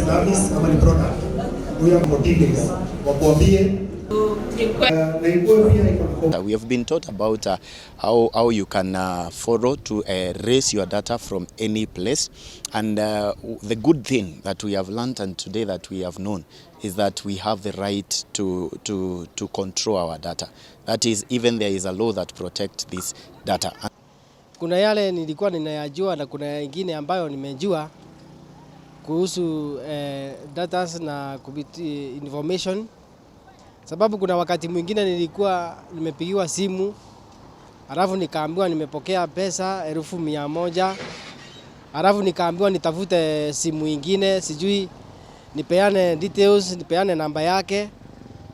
service uh, We have been taught about uh, how, how you can uh, follow to uh, your data from any place and uh, the good thing that we have learned and today that we have known is that we have the right to, to, to control our data. That is, even there is a law that protects this data kuna yale nilikuwa ninayajua na kuna yengine ambayo nimejua kuhusu eh, data na kubiti information, sababu kuna wakati mwingine nilikuwa nimepigiwa simu alafu nikaambiwa nimepokea pesa elfu mia moja alafu nikaambiwa nitafute simu ingine, sijui nipeane details, nipeane namba yake.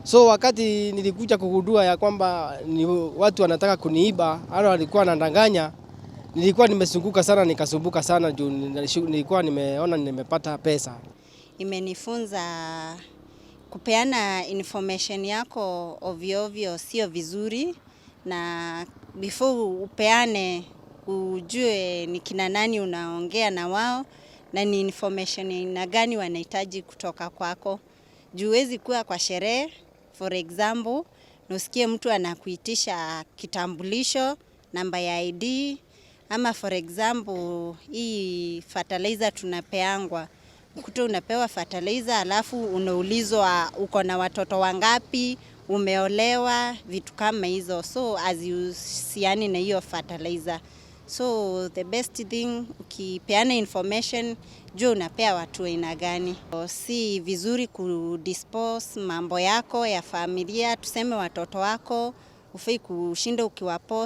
So wakati nilikuja kugundua ya kwamba ni watu wanataka kuniiba au walikuwa wanadanganya, nilikuwa nimesunguka sana, nikasumbuka sana juu nilikuwa nimeona nimepata pesa. Imenifunza kupeana information yako ovyo ovyo sio vizuri, na before upeane ujue ni kina nani unaongea na wao na ni information na gani wanahitaji kutoka kwako, juu huwezi kuwa kwa sherehe for example, na usikie mtu anakuitisha kitambulisho, namba ya ID ama for example hii fertilizer tunapeangwa kuto, unapewa fertilizer alafu unaulizwa uko na watoto wangapi, umeolewa, vitu kama hizo, so hazihusiani na hiyo fertilizer. So the best thing ukipeana information juu unapea watu aina gani. Si vizuri kudispose mambo yako ya familia, tuseme watoto wako ufai kushinda ukiwapo,